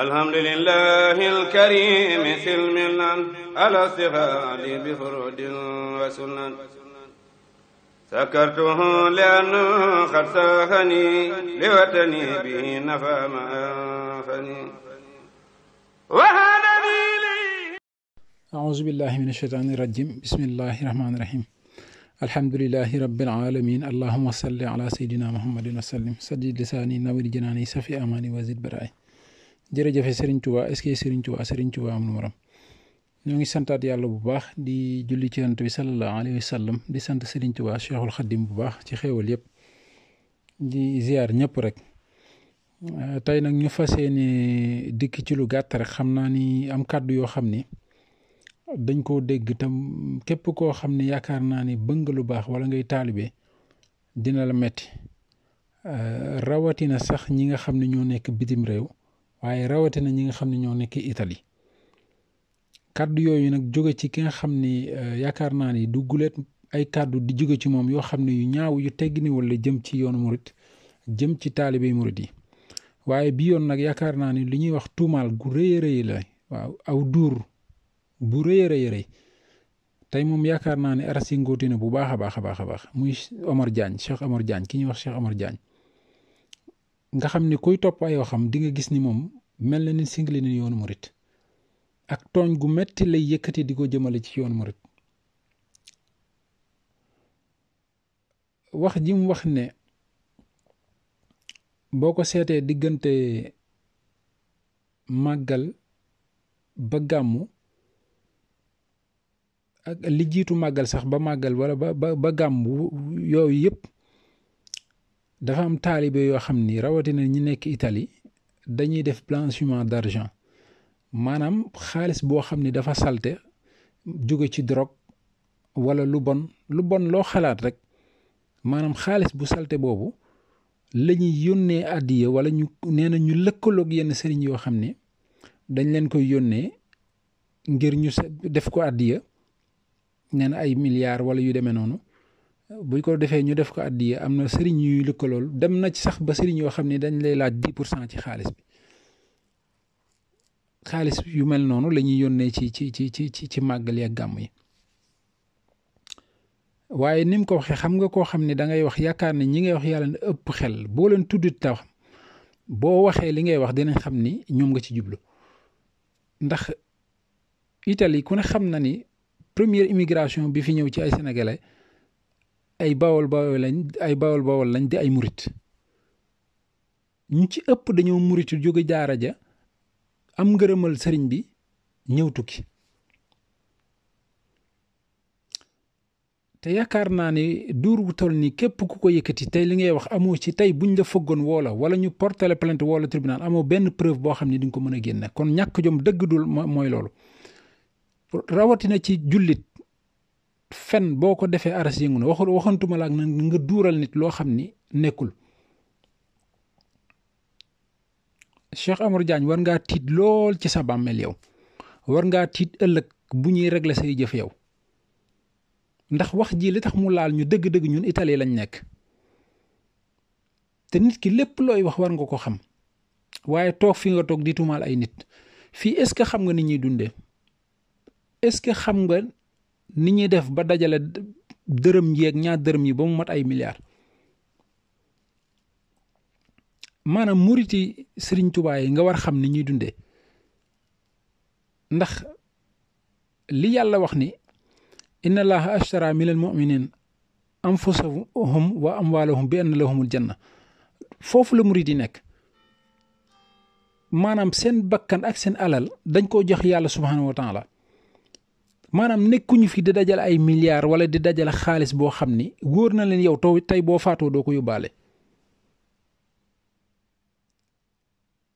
alhamdulillahi alkarimi silmilan ala sihadi bi furudin wa sunan sakartuhu liannu qad sahani liwatani bihi nafa ma anfani أعوذ بالله من الشيطان الرجيم بسم الله الرحمن الرحيم الحمد لله رب العالمين اللهم صل على سيدنا محمد وسلم سدد لساني نور جناني سفي أماني وزد برائي jërëjëfe Serigne Touba est-ce que Serigne Touba Serigne am na morom ñoo ngi santaat yàlla bu baax di julli ci yonent bi sallallahu alayhi wa sallam di sant Serigne Touba Cheikhul Khadim bu baax ci xéewal yëpp di ziar ñëpp rek euh, tey nag ñu fa yéene dikk ci lu gàtt rek xam naa ni am kàddu yoo xam ni dañ koo dégg tam képp koo xam ne yaakaar naa ni bëgg lu baax wala ngay taalibe dina la metti euh, rawatina sax ñi nga xam ne ñoo nekk bitim réew waaye rawatina ñi nga xam ne ñoo nekk itali kàddu yooyu nag jóge ci ki xam ni euh, yaakaar naa ni du guleet ay kàddu di jóge ci moom yoo xam ne yu ñaaw yu tegginiwul la jëm ci yoonu murit jëm ci taalibe murit yi waaye bi yoon nag yaakaar naa ni li ñuy wax tuumaal gu rëy a la waaw aw duur bu rëy a rëy tey moom yaakaar naa ne arasi ngóote na bu baax a baax a baax a baax muy Omar Diagne Cheikh Omar Diagne ki ñuy wax Cheikh Omar Diagne nga xam ne kuy topp ay waxam di nga gis ni moom mel na ni singli na yoonu murit ak tooñ gu metti lay yëkkati di ko jëmale ci yoonu murit wax ji wax ne boo ko seetee diggante màggal ba gàmmu ak li jiitu màggal sax ba màggal wala ba ba ba gàmmu yooyu yépp dafa am taalibe yoo xam ni rawatina ñi nekk itali dañuy def blanchiment d'argent maanaam xaalis boo xam ni dafa salte jóge ci drogue wala lu bon lu bon loo xalaat rek maanaam xaalis bu salte boobu la ñuy yónnee àddiya wala ñu nee na ñu lëkkaloog yenn sëriñ yoo xam ne dañ leen koy yónnee ngir ñu def ko àddiya nee ay milliards wala yu demee noonu buñ ko defee ñu def ko addiye am na sëriñ yuy lëkkalool dem na ci sax ba sëriñ yoo xam ni dañ lay laaj 10 pour cent ci xaalis bi xaalis yu mel noonu lañuy ñuy yónnee ci ci ci ci ci ci màggal yi ak gàmm yi waaye ni mu ko waxee xam nga koo xam ne dangay wax yaakaar ne ñi ngay wax yàlla ne ëpp xel boo leen tudd taw boo waxee li ngay wax dinañ xam ni ñoom nga ci jublu ndax Italie ku ne xam na ni première immigration bi fi ñëw ci ay sénégalais. ay bawol bawol lañ ay bawol bawol lañ di ay murit ñu ci ëpp dañoo muritu jóge jaara ja am ngërëmal sëriñ bi ñëw tukki te yaakaar naa ni duur gu toll nii képp ku ko yëkkati tey li ngay wax amoo ci tey buñ la fëggoon woola wala ñu portele plainte woola tribunal amoo benn preuve boo xam ne di ko mën a génne kon ñàkk jom dëgg dul mooy loolu rawatina ci jullit fen boo ko defee aras yëngu na waxu waxantuma la ak na nga duural nit loo xam ni nekkul Cheikh Amadou Diagne war ngaa tiit lool ci sa bàmmeel yow war ngaa tiit ëllëg bu ñuy régler say jëf yow ndax wax ji li tax mu laal ñu dëgg-dëgg ñun itali lañ nekk te nit ki lépp looy wax war nga ko xam waaye toog fi nga toog di ay nit fii est-ce que xam nga ni ñuy dundee est-ce que xam nga ni ñuy def ba dajale dërëm yeeg ñaar dërëm yi ba mu mat ay milliards maanaam muriti Sëriñ Tuubaa yi nga war xam ni ñuy dunde ndax li yàlla wax ni inna allaha ashtara minal mu'minin anfusahum wa amwaalahum bi anna lahumul janna foofu la murit yi nekk maanaam seen bakkan ak seen alal dañ koo jox yàlla subhaanahu wa taala maanaam nekkuñu fi di dajale ay milliards wala di dajale xaalis boo xam ni wóor na leen yow taw tey boo faatoo doo ko yóbbaale.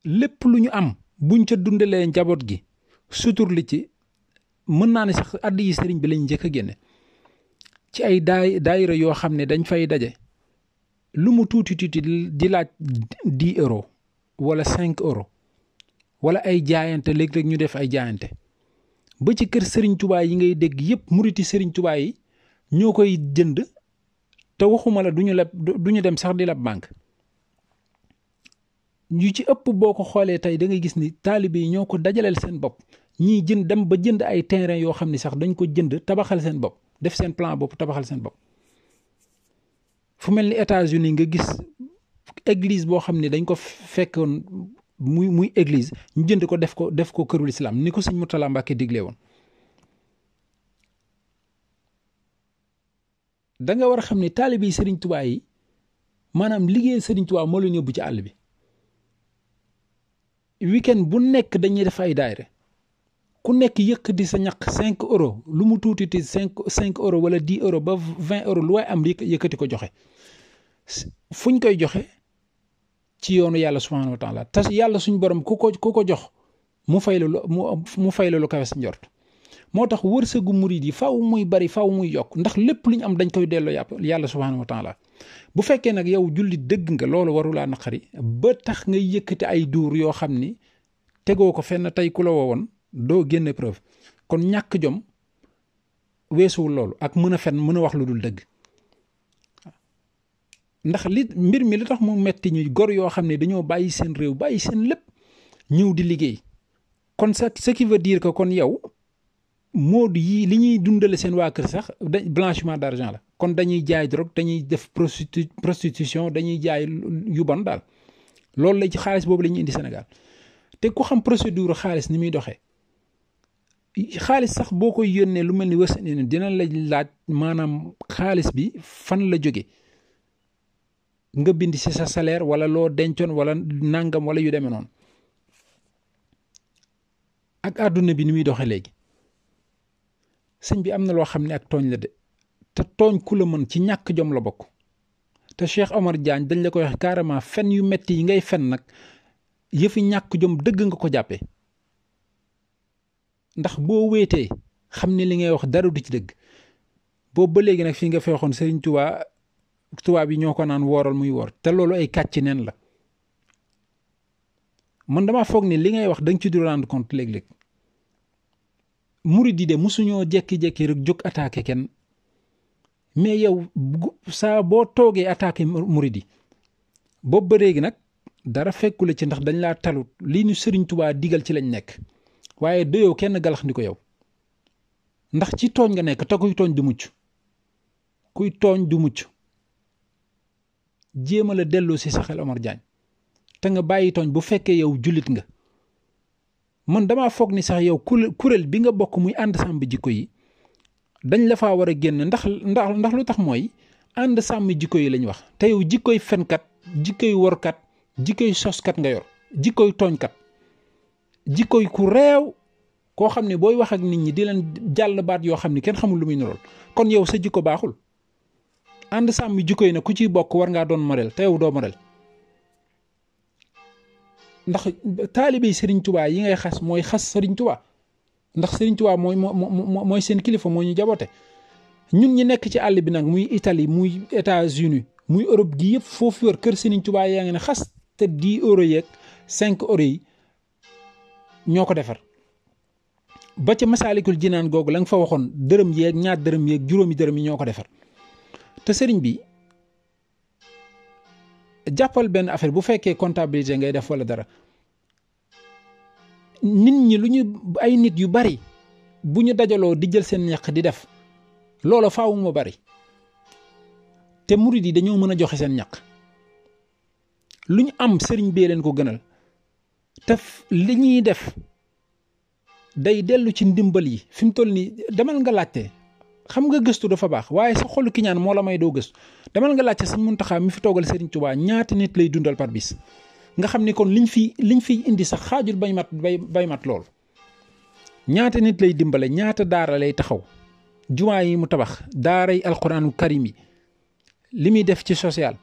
lépp lu ñu am buñ ca dundalee njaboot gi sutur li ci mën naa ne sax àdd yi sëriñ bi lañ njëkk a génne ci ay daay daayira yoo xam ne dañ fay daje lu mu tuuti tuuti di laaj dix euros wala cinq euros wala ay jaayante léeg-léeg ñu def ay jaayante. ba ci kër sëriñ Touba yi ngay dégg yëpp muriti Serigne Touba yi ñoo koy jënd te waxuma la duñu leb duñu dem sax di leb banque yu ci ëpp boo ko xoolee tey da ngay gis ni taalibe yi ñoo ko dajaleel seen bopp ñiy jënd dem ba jënd ay terrain yoo xam ne sax dañ ko jënd tabaxal seen bopp def seen plan bopp tabaxal seen bopp fu mel ni États-Unis nga gis église boo xam ne dañ ko fekkoon muy muy église ñu jënd ko def ko def ko kërul islam ni ko sëñ mu Mbacke digle woon da nga war a xam ni taalibe yi Serigne Touba yi maanaam liggéey Serigne Touba moo leen yóbbu ci àll bi weekend bu nekk dañuy def ay daayre ku nekk yëkk di sa ñaq cinq euro lu mu tuuti ti cinq cinq euros wala dix euro ba vingt euro lu waay am yëkkati ko joxe fuñ koy joxe. ci yoonu yàlla subhaanahu wa taala te yàlla suñ borom ku ko ku ko jox mu fay la lu mu fay la lu kawe sa njort moo tax wërsëgu murid yi faw muy bari faw muy yokk ndax lépp lu ñu am dañ koy delloo yàpp yàlla subhaanahu wa taala bu fekkee nag yow julli dëgg nga loolu warulaa naqari ba tax ngay yëkkati ay duur yoo xam ni tegoo ko fenn tey ku la woowoon doo génne preuve kon ñàkk jom weesuwul loolu ak mën a fenn mën a wax lu dul dëgg ndax li mbir mi li tax mu metti ñu gor yoo xam ne dañoo bàyyi seen réew bàyyi seen lépp ñëw di liggéey kon sa ce qui veut dire que kon yow mode yi li ñuy dundale seen waa kër sax da blanchiment d'argent la kon dañuy jaay drogue dañuy def prostitu prostitution dañuy jaay yu bon daal loolu la ci xaalis boobu la indi Sénégal te ku xam procédure xaalis ni muy doxee xaalis sax boo koy yónnee lu mel ni wërsëg dina la laaj maanaam xaalis bi fan la jóge nga bind ci sa salaire wala loo dencoon wala nàngam wala yu demee noonu ak àdduna bi ni muy doxee léegi sëñ bi am na loo xam ne ak tooñ la de te tooñ ku la mën ci ñàkk jom la bokk te Cheikh Omar Diagne dañ la koy wax carrément fen yu metti yi ngay fen nag yëfi ñàkk jom dëgg nga ko jàppe ndax boo wéetee xam ne li ngay wax dara du ci dëgg boobu ba léegi nag fi nga fee waxoon Serigne tubaab yi ñoo ko naan wooral muy woor te loolu ay kàcc nen la mën dama foog ni li ngay wax da ci du rendre compte léeg-léeg murid de mosuñoo jekki-jekki rek jóg attaqué kenn mais yow saa boo toogee attaqué murid yi boobu ba léegi nag dara fekkule ci ndax dañ laa talut lii ñu sëriñ tubaa digal ci lañ nekk waaye doyoo kenn galax ni ko yow ndax ci tooñ nga nekk te kuy tooñ du mucc kuy tooñ du mucc jéem a la delloo si sa xel Omar te nga bàyyi tooñ bu fekkee yow jullit nga mën dama foog ni sax yow kuréel bi nga bokk muy ànd sàmm jikko yi dañ la faa war a génn ndax ndax ndax lu tax mooy ànd sàmm jikko yi lañ wax te yow jikkoy fenkat jikkoy workat jikkoy soskat nga yor jikkoy tooñkat jikkoy ku reew koo xam ne booy wax ak nit ñi di leen jàll baat yoo xam ne kenn xamul lu muy nirool kon yow sa jikko baaxul ànd sàmm jikko yi ne ku ciy bokk war ngaa doon modèle te yow doo modèle ndax taalibe Serigne Touba yi ngay xas mooy xas Serigne Touba ndax Serigne Touba mooy seen kilifa moo ñu jaboote ñun ñi nekk ci àll bi nag muy itali muy états uni muy Europe gi yëpp foofu wër kër Serigne Touba yaa ngi ne xas te di euro yeeg 5 euro yi ñoo ko defar ba ca Masaalikul Jinaan googu la nga fa waxoon dërëm yeeg ñaar dërëm yeeg juróomi dërëm yi ñoo ko defar. te sëriñ bi jàppal benn affaire bu fekkee comptabilité ngay def walla dara nit ñi lu ñu ay nit yu bari bu ñu dajaloo di jël seen ñaq di def loolu faaw mu bari te murid yi dañoo mën a joxe seen ñaq lu ñu am sëriñ bee leen ko gënal te li ñuy def day dellu ci ndimbal yi fi mu toll nii demal nga laajte xam nga gëstu dafa baax waaye sa xolu kiñaan moo la may doo gëstu demal nga laajte sëñ Muntaxa mi fi toogal Serigne Touba ñaata nit lay dundal par bis nga xam ni kon liñ fi liñ fiy indi sax xaajul bay mat bay bay mat loolu ñaata nit lay dimbale ñaata daara lay taxaw jumaa yi mu tabax daara yi alquraanu karim yi li muy def ci social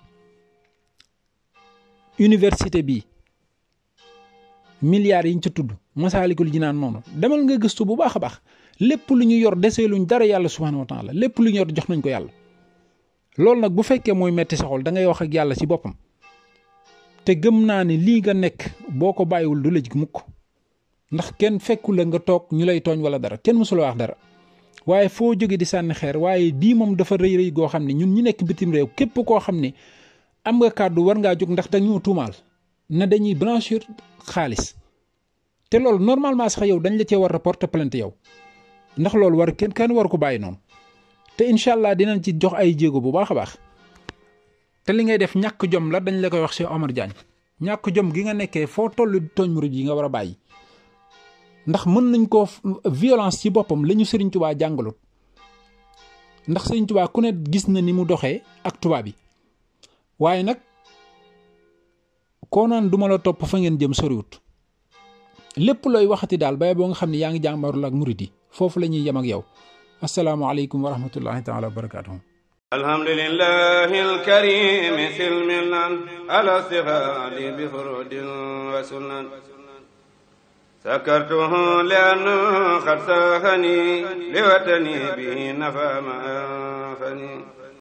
université bi milliards yiñ ci tudd masaalikul jinaan noonu demal nga gëstu bu baax a baax lépp lu ñu yor desee luñ dara yàlla subhaanahu wa la lépp lu ñu yor jox nañ ko yàlla loolu nag bu fekkee mooy metti sa xol da ngay wax ak yàlla ci boppam te gëm naa ni lii nga nekk boo ko bàyyiwul du la jig mukk ndax kenn fekku la nga toog ñu lay tooñ wala dara kenn mësula wax dara waaye foo jóge di sànni xeer waaye bii moom dafa rëy rëy goo xam ne ñun ñu nekk bitim réew képp koo xam ne am nga kàddu war ngaa jóg ndax dañoo tuumaal na dañuy blanchir xaalis te loolu normalement sax yow dañ la cee war a porter plainte yow ndax loolu war kenn kenn war ko bàyyi noonu te incha allah dinañ ci jox ay jéego bu baax a baax te li ngay def ñàkk jom la dañu la koy wax Cheikh Omar Diagne ñàkk jom gi nga nekkee foo toll di tooñ murid yi nga war a bàyyi ndax mën nañ koo violence ci boppam la ñu sëriñ tubaa jàngalut ndax sëriñ ku ne gis na ni mu doxee ak tubaab yi waaye nag koo naan duma la topp fa ngeen jëm soriwut lépp looy waxati daal bay boo nga xam ne yaa ngi jàmmarul ak murit yi foofu la ñuy yem ak yow asalaamualeykum wa rahmatullahi taala wa alhamdulillahi alkarimi silmilan ala sihadi bi furudin wa sunan سكرته لأنه قد ساهني لوطني به نفى